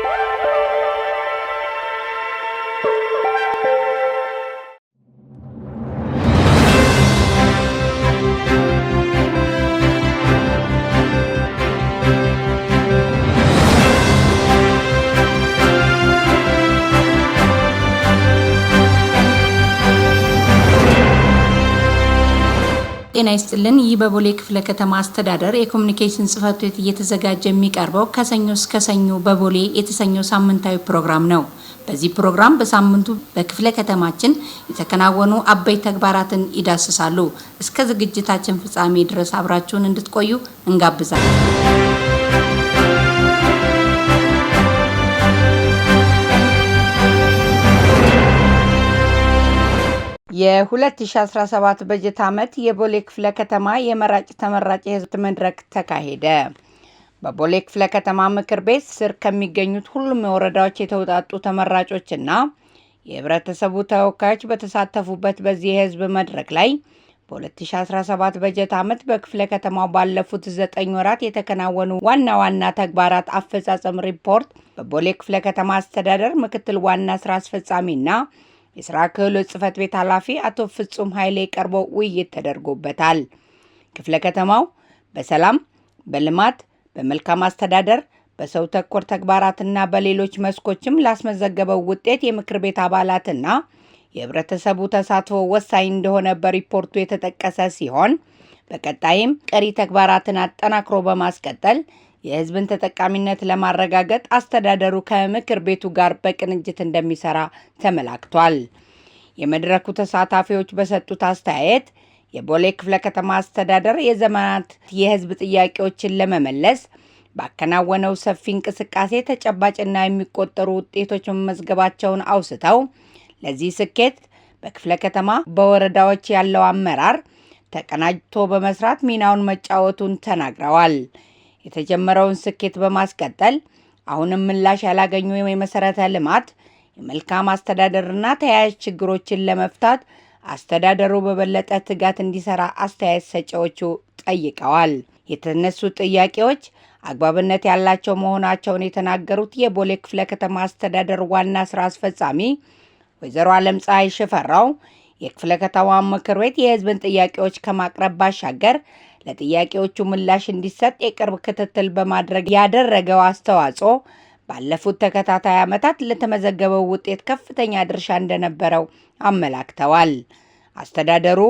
Bye. ጤና ይስጥልን። ይህ በቦሌ ክፍለ ከተማ አስተዳደር የኮሚኒኬሽን ጽፈት ቤት እየተዘጋጀ የሚቀርበው ከሰኞ እስከ ሰኞ በቦሌ የተሰኘው ሳምንታዊ ፕሮግራም ነው። በዚህ ፕሮግራም በሳምንቱ በክፍለ ከተማችን የተከናወኑ አበይ ተግባራትን ይዳስሳሉ። እስከ ዝግጅታችን ፍጻሜ ድረስ አብራችሁን እንድትቆዩ እንጋብዛለን። የ2017 በጀት ዓመት የቦሌ ክፍለ ከተማ የመራጭ ተመራጭ የህዝብ መድረክ ተካሄደ። በቦሌ ክፍለ ከተማ ምክር ቤት ስር ከሚገኙት ሁሉም ወረዳዎች የተውጣጡ ተመራጮችና የህብረተሰቡ ተወካዮች በተሳተፉበት በዚህ የህዝብ መድረክ ላይ በ2017 በጀት ዓመት በክፍለ ከተማው ባለፉት ዘጠኝ ወራት የተከናወኑ ዋና ዋና ተግባራት አፈጻጸም ሪፖርት በቦሌ ክፍለ ከተማ አስተዳደር ምክትል ዋና ስራ አስፈጻሚና የስራ ክህሎት ጽህፈት ቤት ኃላፊ አቶ ፍጹም ኃይሌ ቀርቦ ውይይት ተደርጎበታል። ክፍለ ከተማው በሰላም፣ በልማት፣ በመልካም አስተዳደር፣ በሰው ተኮር ተግባራትና በሌሎች መስኮችም ላስመዘገበው ውጤት የምክር ቤት አባላትና የህብረተሰቡ ተሳትፎ ወሳኝ እንደሆነ በሪፖርቱ የተጠቀሰ ሲሆን በቀጣይም ቀሪ ተግባራትን አጠናክሮ በማስቀጠል የህዝብን ተጠቃሚነት ለማረጋገጥ አስተዳደሩ ከምክር ቤቱ ጋር በቅንጅት እንደሚሰራ ተመላክቷል። የመድረኩ ተሳታፊዎች በሰጡት አስተያየት የቦሌ ክፍለ ከተማ አስተዳደር የዘመናት የህዝብ ጥያቄዎችን ለመመለስ ባከናወነው ሰፊ እንቅስቃሴ ተጨባጭና የሚቆጠሩ ውጤቶች መመዝገባቸውን አውስተው ለዚህ ስኬት በክፍለ ከተማ በወረዳዎች ያለው አመራር ተቀናጅቶ በመስራት ሚናውን መጫወቱን ተናግረዋል። የተጀመረውን ስኬት በማስቀጠል አሁንም ምላሽ ያላገኙ የመሰረተ ልማት፣ የመልካም አስተዳደርና ተያያዥ ችግሮችን ለመፍታት አስተዳደሩ በበለጠ ትጋት እንዲሰራ አስተያየት ሰጪዎቹ ጠይቀዋል። የተነሱ ጥያቄዎች አግባብነት ያላቸው መሆናቸውን የተናገሩት የቦሌ ክፍለ ከተማ አስተዳደር ዋና ስራ አስፈጻሚ ወይዘሮ አለም ፀሐይ ሽፈራው የክፍለ ከተማ ምክር ቤት የሕዝብን ጥያቄዎች ከማቅረብ ባሻገር ለጥያቄዎቹ ምላሽ እንዲሰጥ የቅርብ ክትትል በማድረግ ያደረገው አስተዋጽኦ ባለፉት ተከታታይ ዓመታት ለተመዘገበው ውጤት ከፍተኛ ድርሻ እንደነበረው አመላክተዋል። አስተዳደሩ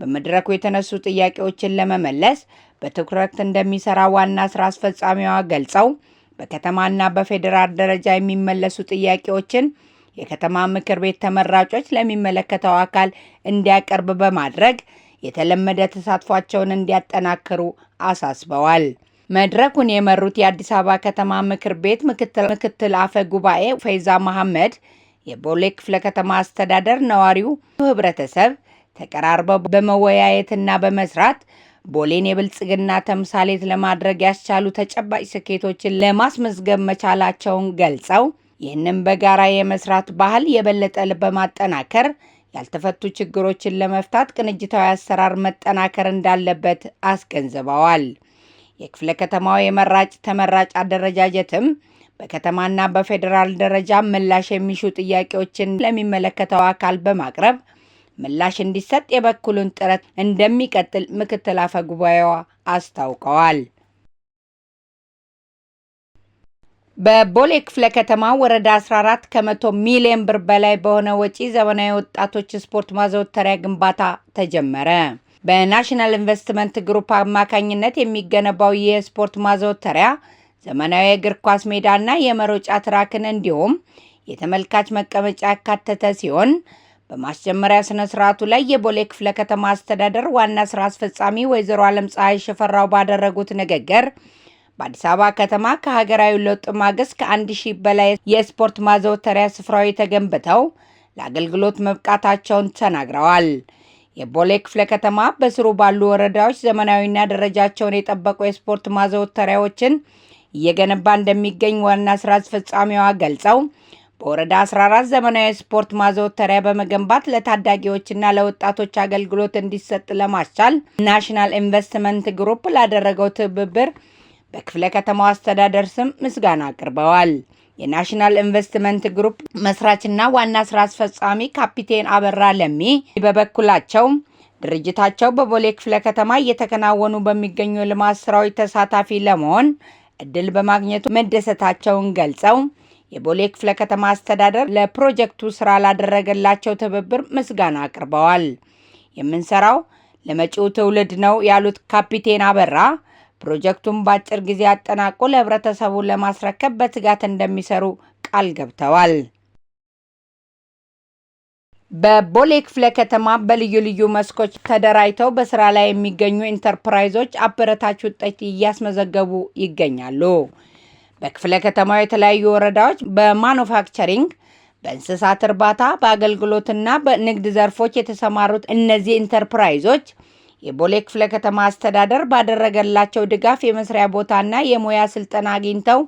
በመድረኩ የተነሱ ጥያቄዎችን ለመመለስ በትኩረት እንደሚሰራ ዋና ስራ አስፈጻሚዋ ገልጸው በከተማና በፌዴራል ደረጃ የሚመለሱ ጥያቄዎችን የከተማ ምክር ቤት ተመራጮች ለሚመለከተው አካል እንዲያቀርብ በማድረግ የተለመደ ተሳትፏቸውን እንዲያጠናክሩ አሳስበዋል። መድረኩን የመሩት የአዲስ አበባ ከተማ ምክር ቤት ምክትል አፈ ጉባኤ ፈይዛ መሐመድ የቦሌ ክፍለ ከተማ አስተዳደር ነዋሪው ህብረተሰብ ተቀራርበው በመወያየትና በመስራት ቦሌን የብልጽግና ተምሳሌት ለማድረግ ያስቻሉ ተጨባጭ ስኬቶችን ለማስመዝገብ መቻላቸውን ገልጸው ይህንም በጋራ የመስራት ባህል የበለጠ በማጠናከር ያልተፈቱ ችግሮችን ለመፍታት ቅንጅታዊ አሰራር መጠናከር እንዳለበት አስገንዝበዋል። የክፍለ ከተማው የመራጭ ተመራጭ አደረጃጀትም በከተማና በፌዴራል ደረጃ ምላሽ የሚሹ ጥያቄዎችን ለሚመለከተው አካል በማቅረብ ምላሽ እንዲሰጥ የበኩሉን ጥረት እንደሚቀጥል ምክትል አፈ ጉባኤዋ አስታውቀዋል። በቦሌ ክፍለ ከተማ ወረዳ 14 ከመቶ ሚሊዮን ብር በላይ በሆነ ወጪ ዘመናዊ ወጣቶች ስፖርት ማዘውተሪያ ግንባታ ተጀመረ። በናሽናል ኢንቨስትመንት ግሩፕ አማካኝነት የሚገነባው የስፖርት ማዘወተሪያ ማዘውተሪያ ዘመናዊ የእግር ኳስ ሜዳና የመሮጫ ትራክን እንዲሁም የተመልካች መቀመጫ ያካተተ ሲሆን በማስጀመሪያ ስነ ስርዓቱ ላይ የቦሌ ክፍለ ከተማ አስተዳደር ዋና ስራ አስፈጻሚ ወይዘሮ አለም ፀሐይ ሽፈራው ባደረጉት ንግግር በአዲስ አበባ ከተማ ከሀገራዊ ለውጥ ማግስት ከአንድ ሺህ በላይ የስፖርት ማዘውተሪያ ስፍራዎች ተገንብተው ለአገልግሎት መብቃታቸውን ተናግረዋል። የቦሌ ክፍለ ከተማ በስሩ ባሉ ወረዳዎች ዘመናዊና ደረጃቸውን የጠበቁ የስፖርት ማዘውተሪያዎችን እየገነባ እንደሚገኝ ዋና ስራ አስፈጻሚዋ ገልጸው በወረዳ 14 ዘመናዊ ስፖርት ማዘውተሪያ በመገንባት ለታዳጊዎችና ለወጣቶች አገልግሎት እንዲሰጥ ለማስቻል ናሽናል ኢንቨስትመንት ግሩፕ ላደረገው ትብብር በክፍለ ከተማው አስተዳደር ስም ምስጋና አቅርበዋል። የናሽናል ኢንቨስትመንት ግሩፕ መስራችና ዋና ስራ አስፈጻሚ ካፒቴን አበራ ለሚ በበኩላቸው ድርጅታቸው በቦሌ ክፍለ ከተማ እየተከናወኑ በሚገኙ የልማት ስራዎች ተሳታፊ ለመሆን እድል በማግኘቱ መደሰታቸውን ገልጸው የቦሌ ክፍለ ከተማ አስተዳደር ለፕሮጀክቱ ስራ ላደረገላቸው ትብብር ምስጋና አቅርበዋል። የምንሰራው ለመጪው ትውልድ ነው ያሉት ካፒቴን አበራ ፕሮጀክቱን በአጭር ጊዜ አጠናቆ ለህብረተሰቡ ለማስረከብ በትጋት እንደሚሰሩ ቃል ገብተዋል። በቦሌ ክፍለ ከተማ በልዩ ልዩ መስኮች ተደራጅተው በስራ ላይ የሚገኙ ኢንተርፕራይዞች አበረታች ውጤት እያስመዘገቡ ይገኛሉ። በክፍለ ከተማው የተለያዩ ወረዳዎች በማኑፋክቸሪንግ፣ በእንስሳት እርባታ፣ በአገልግሎትና በንግድ ዘርፎች የተሰማሩት እነዚህ ኢንተርፕራይዞች የቦሌ ከተማ አስተዳደር ባደረገላቸው ድጋፍ የመስሪያ ቦታና የሙያ ስልጠና አግኝተው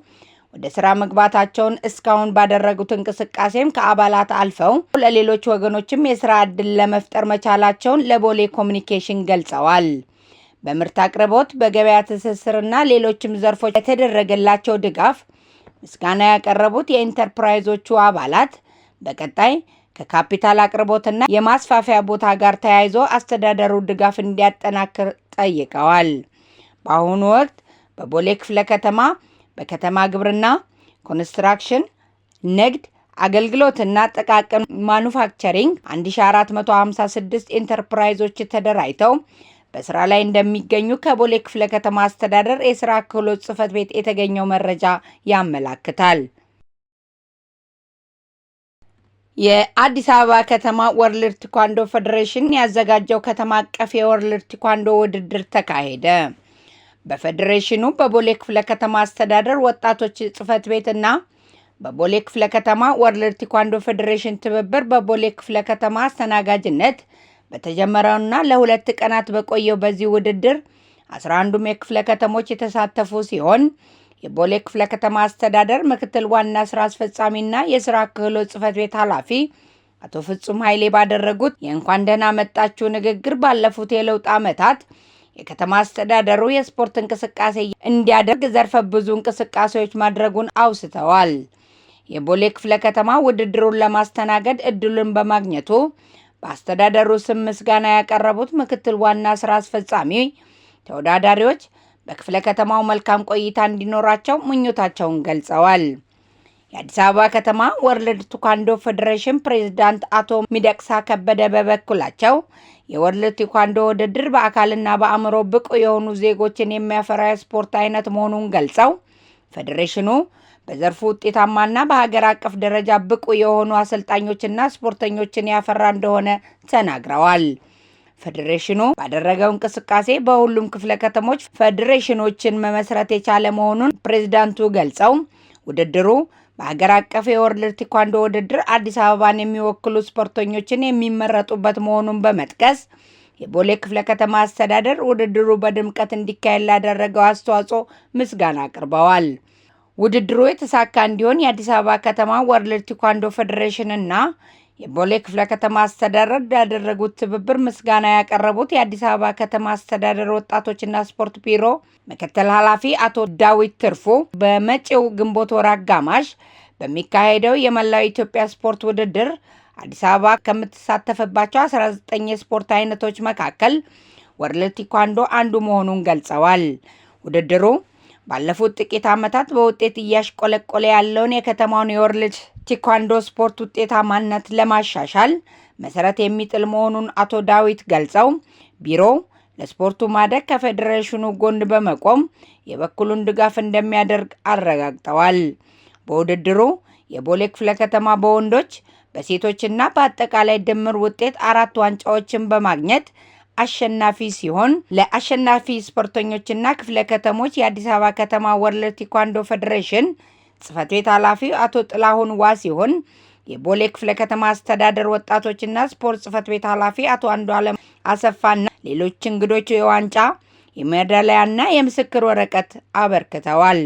ወደ ስራ መግባታቸውን እስካሁን ባደረጉት እንቅስቃሴም ከአባላት አልፈው ለሌሎች ወገኖችም የስራ ዕድል ለመፍጠር መቻላቸውን ለቦሌ ኮሚኒኬሽን ገልጸዋል። በምርት አቅርቦት፣ በገበያ ትስስርና ሌሎችም ዘርፎች የተደረገላቸው ድጋፍ ምስጋና ያቀረቡት የኢንተርፕራይዞቹ አባላት በቀጣይ ከካፒታል አቅርቦትና የማስፋፊያ ቦታ ጋር ተያይዞ አስተዳደሩ ድጋፍ እንዲያጠናክር ጠይቀዋል። በአሁኑ ወቅት በቦሌ ክፍለ ከተማ በከተማ ግብርና፣ ኮንስትራክሽን፣ ንግድ አገልግሎትና ጥቃቅን ማኑፋክቸሪንግ 1456 ኢንተርፕራይዞች ተደራጅተው በስራ ላይ እንደሚገኙ ከቦሌ ክፍለ ከተማ አስተዳደር የስራ ክህሎት ጽህፈት ቤት የተገኘው መረጃ ያመላክታል። የአዲስ አበባ ከተማ ወርልድ ቲኳንዶ ፌዴሬሽን ያዘጋጀው ከተማ አቀፍ የወርልድ ቲኳንዶ ውድድር ተካሄደ። በፌዴሬሽኑ በቦሌ ክፍለ ከተማ አስተዳደር ወጣቶች ቤት ቤትና በቦሌ ክፍለ ከተማ ወርልድ ቲኳንዶ ፌዴሬሽን ትብብር በቦሌ ክፍለ ከተማ አስተናጋጅነት በተጀመረውና ለሁለት ቀናት በቆየው በዚህ ውድድር አስራ አንዱም የክፍለ ከተሞች የተሳተፉ ሲሆን የቦሌ ክፍለ ከተማ አስተዳደር ምክትል ዋና ስራ አስፈጻሚና የስራ ክህሎት ጽህፈት ቤት ኃላፊ አቶ ፍጹም ኃይሌ ባደረጉት የእንኳን ደህና መጣችሁ ንግግር ባለፉት የለውጥ ዓመታት የከተማ አስተዳደሩ የስፖርት እንቅስቃሴ እንዲያደርግ ዘርፈ ብዙ እንቅስቃሴዎች ማድረጉን አውስተዋል። የቦሌ ክፍለ ከተማ ውድድሩን ለማስተናገድ እድሉን በማግኘቱ በአስተዳደሩ ስም ምስጋና ያቀረቡት ምክትል ዋና ስራ አስፈጻሚ ተወዳዳሪዎች በክፍለ ከተማው መልካም ቆይታ እንዲኖራቸው ምኞታቸውን ገልጸዋል። የአዲስ አበባ ከተማ ወርልድ ቱኳንዶ ፌዴሬሽን ፕሬዝዳንት አቶ ሚደቅሳ ከበደ በበኩላቸው የወርልድ ቱኳንዶ ውድድር በአካልና በአእምሮ ብቁ የሆኑ ዜጎችን የሚያፈራ የስፖርት አይነት መሆኑን ገልጸው ፌዴሬሽኑ በዘርፉ ውጤታማና በሀገር አቀፍ ደረጃ ብቁ የሆኑ አሰልጣኞችና ስፖርተኞችን ያፈራ እንደሆነ ተናግረዋል። ፌዴሬሽኑ ባደረገው እንቅስቃሴ በሁሉም ክፍለ ከተሞች ፌዴሬሽኖችን መመስረት የቻለ መሆኑን ፕሬዚዳንቱ ገልጸው ውድድሩ በሀገር አቀፍ የወርልድ ቲኳንዶ ውድድር አዲስ አበባን የሚወክሉ ስፖርተኞችን የሚመረጡበት መሆኑን በመጥቀስ የቦሌ ክፍለ ከተማ አስተዳደር ውድድሩ በድምቀት እንዲካሄድ ላደረገው አስተዋጽኦ ምስጋና አቅርበዋል። ውድድሩ የተሳካ እንዲሆን የአዲስ አበባ ከተማ ወርልድ ቲኳንዶ ፌዴሬሽንና የቦሌ ክፍለ ከተማ አስተዳደር ያደረጉት ትብብር ምስጋና ያቀረቡት የአዲስ አበባ ከተማ አስተዳደር ወጣቶችና ስፖርት ቢሮ ምክትል ኃላፊ አቶ ዳዊት ትርፉ በመጪው ግንቦት ወር አጋማሽ በሚካሄደው የመላው ኢትዮጵያ ስፖርት ውድድር አዲስ አበባ ከምትሳተፍባቸው 19 የስፖርት አይነቶች መካከል ወርልድ ቲኳንዶ አንዱ መሆኑን ገልጸዋል። ውድድሩ ባለፉት ጥቂት ዓመታት በውጤት እያሽቆለቆለ ያለውን የከተማውን የወርልድ ቲኳንዶ ስፖርት ውጤታማነት ለማሻሻል መሰረት የሚጥል መሆኑን አቶ ዳዊት ገልጸው ቢሮው ለስፖርቱ ማደግ ከፌዴሬሽኑ ጎን በመቆም የበኩሉን ድጋፍ እንደሚያደርግ አረጋግጠዋል። በውድድሩ የቦሌ ክፍለ ከተማ በወንዶች በሴቶችና በአጠቃላይ ድምር ውጤት አራት ዋንጫዎችን በማግኘት አሸናፊ ሲሆን ለአሸናፊ ስፖርተኞችና ክፍለ ከተሞች የአዲስ አበባ ከተማ ወርልድ ቲኳንዶ ፌዴሬሽን ጽህፈት ቤት ኃላፊ አቶ ጥላሁን ዋ ሲሆን የቦሌ ክፍለ ከተማ አስተዳደር ወጣቶችና ስፖርት ጽህፈት ቤት ኃላፊ አቶ አንዱ አለም አሰፋና ሌሎች እንግዶች የዋንጫ የሜዳሊያና የምስክር ወረቀት አበርክተዋል።